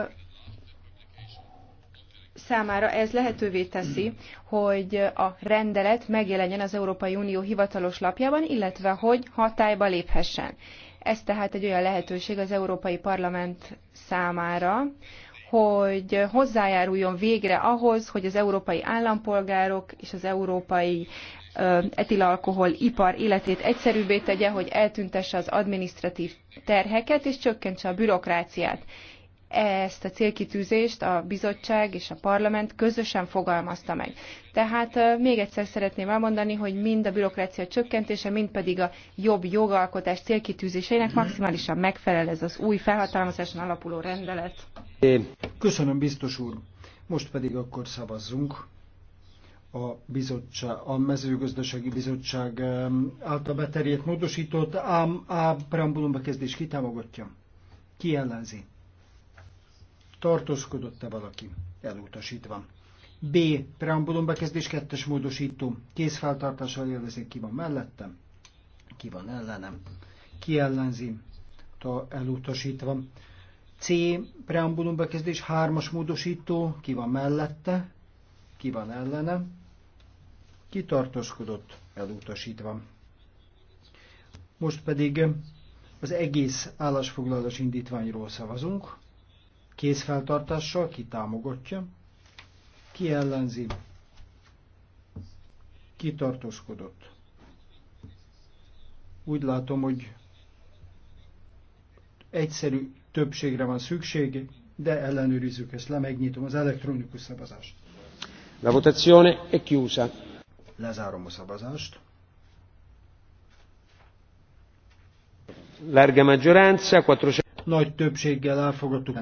számára ez lehetővé teszi, hogy a rendelet megjelenjen az Európai Unió hivatalos lapjában, illetve hogy hatályba léphessen. Ez tehát egy olyan lehetőség az Európai Parlament számára, hogy hozzájáruljon végre ahhoz, hogy az európai állampolgárok és az európai etilalkohol ipar életét egyszerűbbé tegye, hogy eltüntesse az administratív terheket és csökkentse a bürokráciát ezt a célkitűzést a bizottság és a parlament közösen fogalmazta meg. Tehát még egyszer szeretném elmondani, hogy mind a bürokrácia csökkentése, mind pedig a jobb jogalkotás célkitűzéseinek maximálisan megfelel ez az új felhatalmazáson alapuló rendelet. Köszönöm, biztos úr. Most pedig akkor szavazzunk a, bizottság, a mezőgazdasági bizottság által beterjedt módosított ám a preambulumba kezdés kitámogatja. Ki ellenzi? tartózkodott-e valaki, elutasítva. B. Preambulum bekezdés kettes módosító. Kézfeltartással élvezik ki van mellettem, ki van ellenem, ki ellenzi, ta elutasítva. C. Preambulum bekezdés hármas módosító, ki van mellette, ki van ellene, ki tartózkodott, elutasítva. Most pedig az egész állásfoglalás indítványról szavazunk kézfeltartással, ki támogatja, ki ellenzi, ki tartózkodott. Úgy látom, hogy egyszerű többségre van szükség, de ellenőrizzük ezt lemegnyitom az elektronikus szavazást. La votazione è chiusa. Lezárom a szavazást. Larga maggioranza, 400... Nagy többséggel elfogadtuk.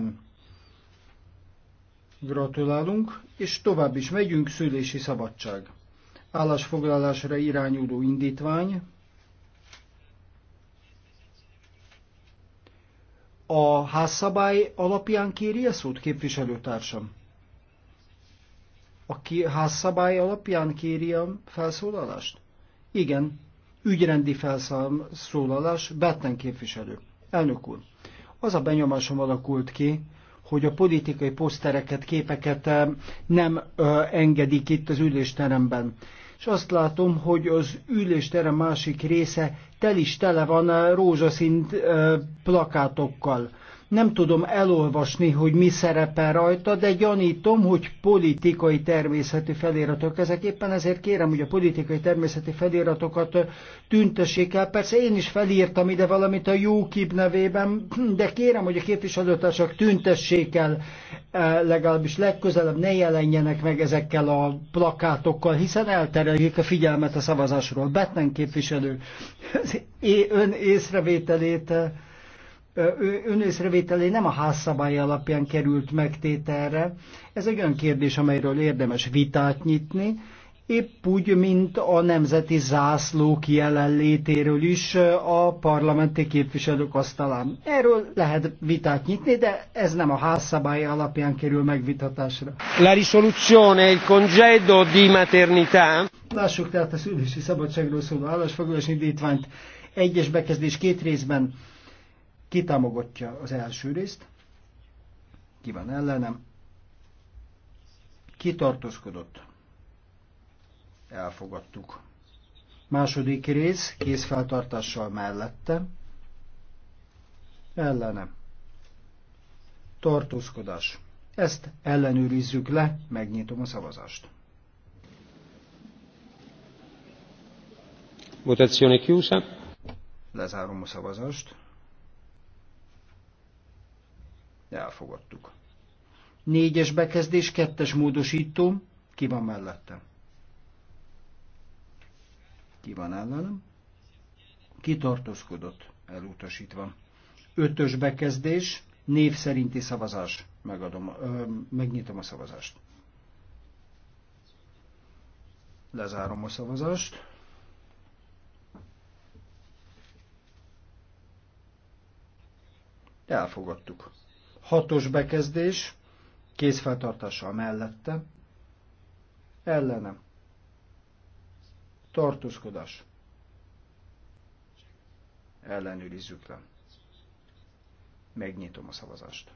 Gratulálunk, és tovább is megyünk, szülési szabadság. Állásfoglalásra irányuló indítvány. A házszabály alapján kéri a szót, képviselőtársam? A házszabály alapján kéri a felszólalást? Igen, ügyrendi felszólalás, Betten képviselő. Elnök úr, az a benyomásom alakult ki, hogy a politikai posztereket, képeket eh, nem eh, engedik itt az ülésteremben. És azt látom, hogy az ülésterem másik része tel is tele van eh, rózsaszín plakátokkal. Nem tudom elolvasni, hogy mi szerepel rajta, de gyanítom, hogy politikai természetű feliratok ezek. Éppen ezért kérem, hogy a politikai természetű feliratokat tüntessék el. Persze én is felírtam ide valamit a jókib nevében, de kérem, hogy a képviselőtársak tüntessék el, eh, legalábbis legközelebb ne jelenjenek meg ezekkel a plakátokkal, hiszen eltereljük a figyelmet a szavazásról. Betlen képviselő, az ön észrevételét eh, önészrevételé nem a házszabály alapján került megtételre. Ez egy olyan kérdés, amelyről érdemes vitát nyitni, épp úgy, mint a nemzeti zászlók jelenlétéről is a parlamenti képviselők asztalán. Erről lehet vitát nyitni, de ez nem a házszabály alapján kerül megvitatásra. La risoluzione, il congedo di maternità. Lássuk tehát a szülési szabadságról szóló állásfoglalás indítványt. Egyes bekezdés két részben kitámogatja az első részt? Ki van ellenem? kitartózkodott, Elfogadtuk. Második rész kézfeltartással mellette. ellene, Tartózkodás. Ezt ellenőrizzük le, megnyitom a szavazást. Votazione chiusa. Lezárom a szavazást. Elfogadtuk. Négyes bekezdés, kettes módosító. Ki van mellette? Ki van ellenem? tartózkodott elutasítva. Ötös bekezdés, név szerinti szavazás. Megadom, ö, megnyitom a szavazást. Lezárom a szavazást. Elfogadtuk. Hatos bekezdés, kézfeltartással mellette, ellenem, tartózkodás, ellenőrizzük le. Megnyitom a szavazást.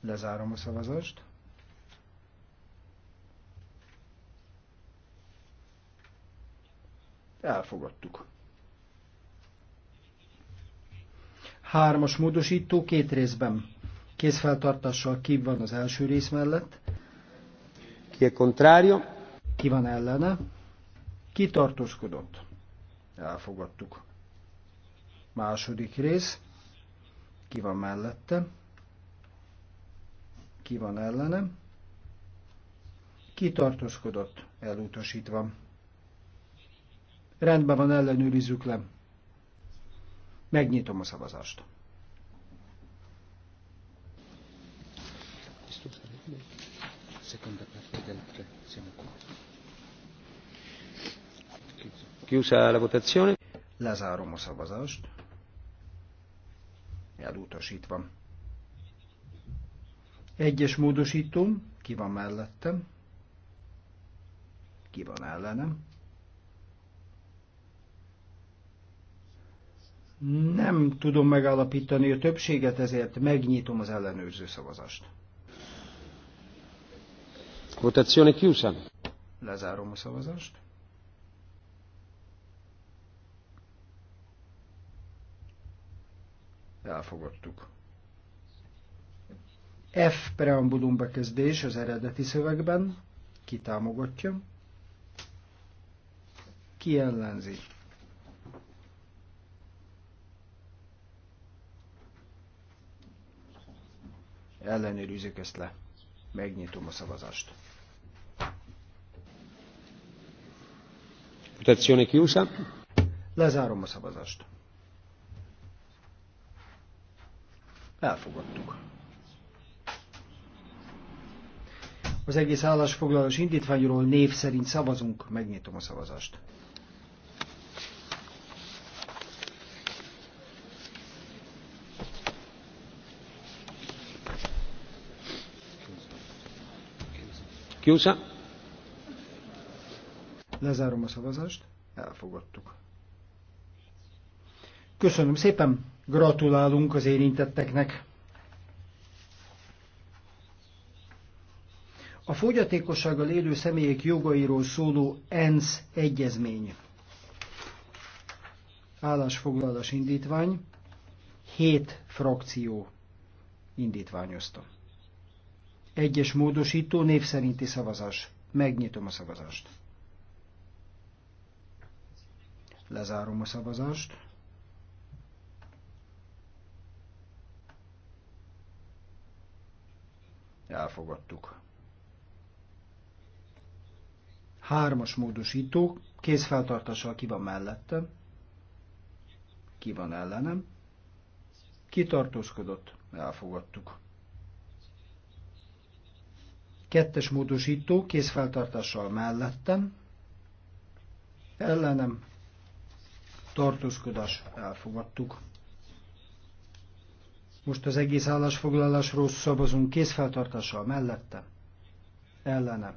Lezárom a szavazást. Elfogadtuk. Hármas módosító két részben. Kézfeltartással ki van az első rész mellett. Ki a contrario? Ki van ellene? Ki tartózkodott? Elfogadtuk. Második rész. Ki van mellette? Ki van ellene? Ki tartózkodott? Elutasítva. Rendben van, ellenőrizzük le. Megnyitom a szavazást. Chiusa la votazione. Lezárom a szavazást. Elutasítva. Egyes módosítom, ki van mellettem, ki van ellenem Nem tudom megállapítani a többséget, ezért megnyitom az ellenőrző szavazást. Votazione chiusa. Lezárom a szavazást. Elfogadtuk. F preambulum bekezdés az eredeti szövegben. Ki támogatja? Ki ellenzi? ellenőrizzük ezt le. Megnyitom a szavazást. Votazione chiusa. Lezárom a szavazást. Elfogadtuk. Az egész állásfoglalás indítványról név szerint szavazunk, megnyitom a szavazást. Chiusa. Lezárom a szavazást. Elfogadtuk. Köszönöm szépen. Gratulálunk az érintetteknek. A fogyatékossággal élő személyek jogairól szóló ENSZ egyezmény. Állásfoglalás indítvány. Hét frakció indítványozta. Egyes módosító név szerinti szavazás. Megnyitom a szavazást. Lezárom a szavazást. Elfogadtuk. Hármas módosító, kézfeltartással ki van mellettem, ki van ellenem, kitartózkodott, elfogadtuk. Kettes módosító kézfeltartással mellettem, ellenem tartózkodás elfogadtuk. Most az egész állásfoglalásról szavazunk kézfeltartással mellette, ellenem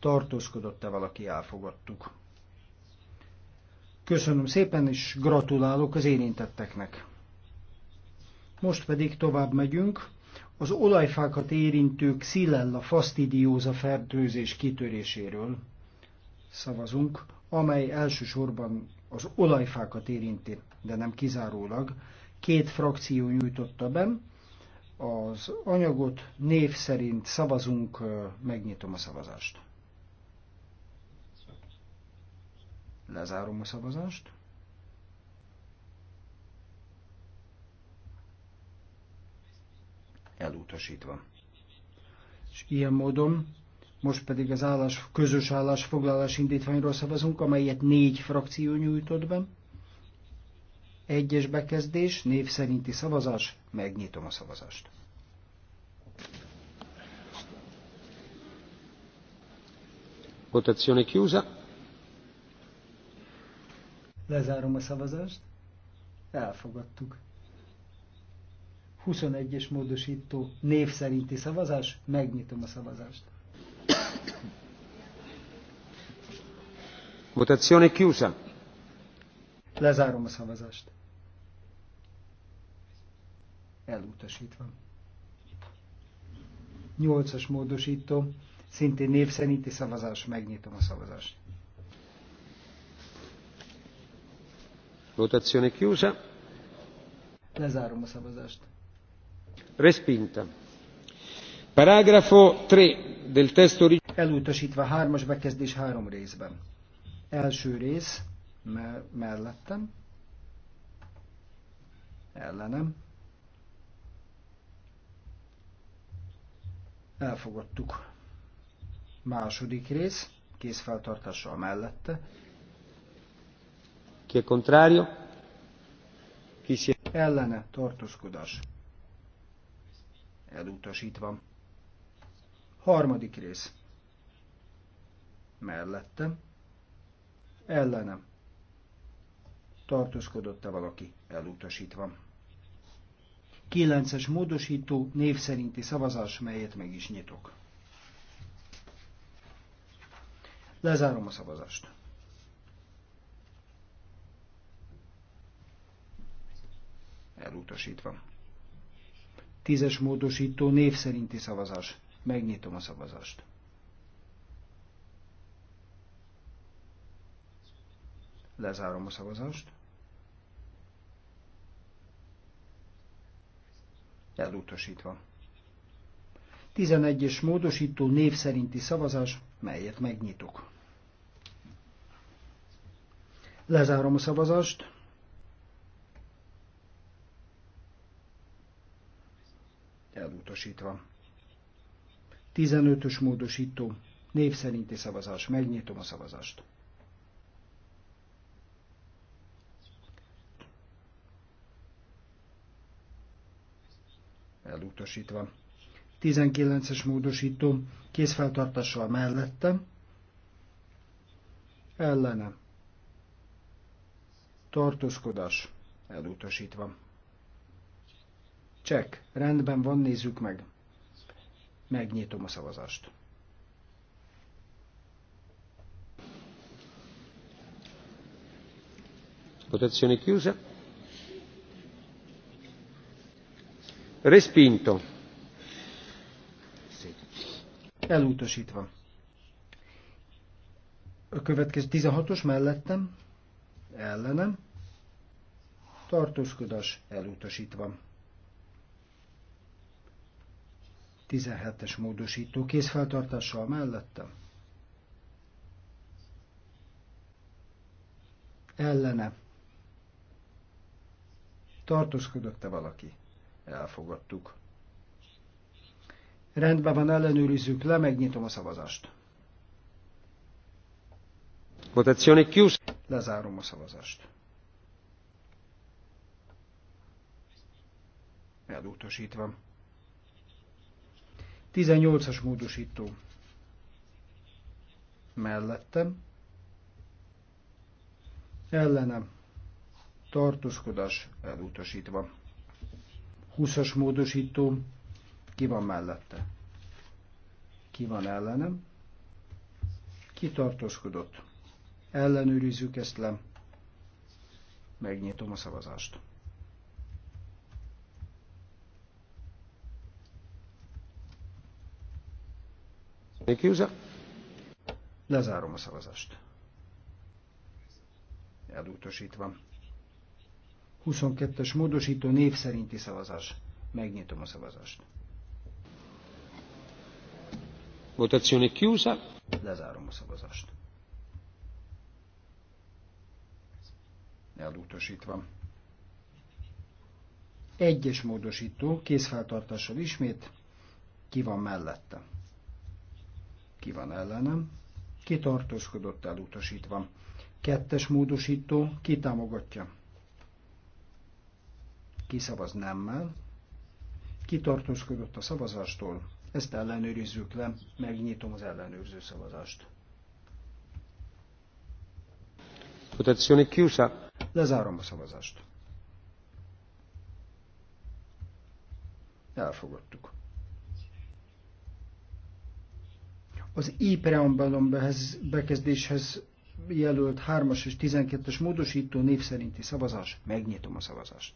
tartózkodott-e valaki, elfogadtuk. Köszönöm szépen, és gratulálok az érintetteknek. Most pedig tovább megyünk az olajfákat érintő xylella fastidióza fertőzés kitöréséről szavazunk, amely elsősorban az olajfákat érinti, de nem kizárólag. Két frakció nyújtotta be az anyagot, név szerint szavazunk, megnyitom a szavazást. Lezárom a szavazást. elutasítva. És ilyen módon most pedig az állás, közös állásfoglalás indítványról szavazunk, amelyet négy frakció nyújtott be. Egyes bekezdés, név szerinti szavazás, megnyitom a szavazást. Votazione chiusa. Lezárom a szavazást. Elfogadtuk. 21-es módosító név szerinti szavazás, megnyitom a szavazást. Votazione chiusa. Lezárom a szavazást. Elutasítva. 8-as módosító, szintén név szerinti szavazás, megnyitom a szavazást. Votazione chiusa. Lezárom a szavazást respinta. 3 del testo Elutasítva hármas bekezdés három részben. Első rész me- mellettem, ellenem, elfogadtuk. Második rész, kézfeltartással mellette. Ki a contrario? Ellene tartózkodás elutasítva. Harmadik rész. Mellettem. Ellenem. Tartózkodott-e valaki? Elutasítva. Kilences módosító név szerinti szavazás, melyet meg is nyitok. Lezárom a szavazást. Elutasítva. Tízes módosító név szerinti szavazás. Megnyitom a szavazást. Lezárom a szavazást. Elutasítva. 11-es módosító név szerinti szavazás, melyet megnyitok. Lezárom a szavazást. elutasítva. 15-ös módosító, név szerinti szavazás, megnyitom a szavazást. Elutasítva. 19-es módosító, kézfeltartással mellette, ellene, tartózkodás, elutasítva. Csek. Rendben van, nézzük meg. Megnyitom a szavazást. Votazione chiusa. Respinto. Elutasítva. A következő 16-os mellettem, ellenem, tartózkodás elutasítva. 17-es módosító készfeltartással mellettem. Ellene. Tartózkodott-e valaki? Elfogadtuk. Rendben van, ellenőrizzük le, megnyitom a szavazást. Votazione chiusa. Lezárom a szavazást. Elutasítva. 18-as módosító mellettem, ellenem, tartózkodás elutasítva. 20-as módosító, ki van mellette? Ki van ellenem? Ki tartózkodott? Ellenőrizzük ezt le. Megnyitom a szavazást. Lezárom a szavazást. Elutasítva. 22-es módosító név szerinti szavazás. Megnyitom a szavazást. Votazione chiusa. Lezárom a szavazást. Elutasítva. Egyes módosító, készfeltartással ismét, ki van mellette ki van ellenem, ki tartózkodott elutasítva. Kettes módosító, ki támogatja, ki szavaz nemmel, ki tartózkodott a szavazástól, ezt ellenőrizzük le, megnyitom az ellenőrző szavazást. Votazione chiusa. Lezárom a szavazást. Elfogadtuk. az e-preambulum bekezdéshez jelölt 3-as és 12-es módosító név szerinti szavazás. Megnyitom a szavazást.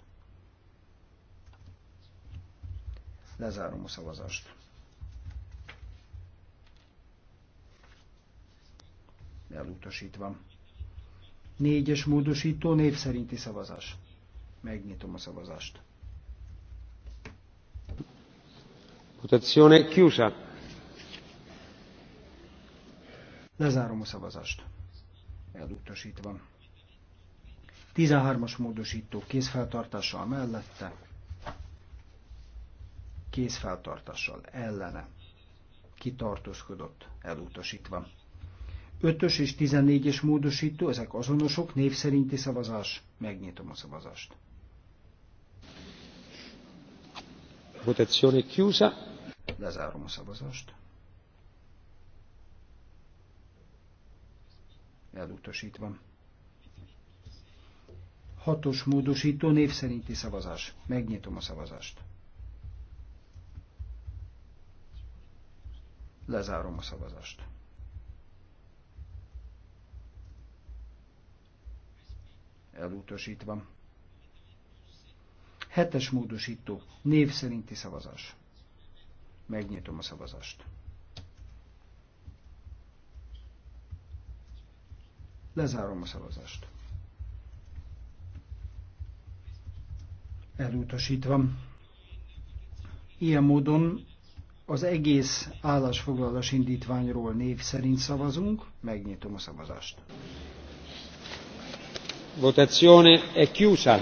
Lezárom a szavazást. Elutasítva. Négyes módosító név szerinti szavazás. Megnyitom a szavazást. Votazione chiusa. Lezárom a szavazást. Elutasítva. 13-as módosító kézfeltartással mellette, kézfeltartással ellene kitartózkodott, elutasítva. 5-ös és 14-es módosító, ezek azonosok, név szerinti szavazás, megnyitom a szavazást. Votazione chiusa. Lezárom a szavazást. elutasítva. Hatos módosító név szerinti szavazás. Megnyitom a szavazást. Lezárom a szavazást. Elutasítva. Hetes módosító név szerinti szavazás. Megnyitom a szavazást. Lezárom a szavazást. Elutasítva. Ilyen módon az egész állásfoglalás indítványról név szerint szavazunk. Megnyitom a szavazást. Votazione è chiusa.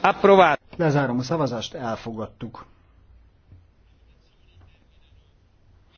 Approvato. Lezárom a szavazást, elfogadtuk.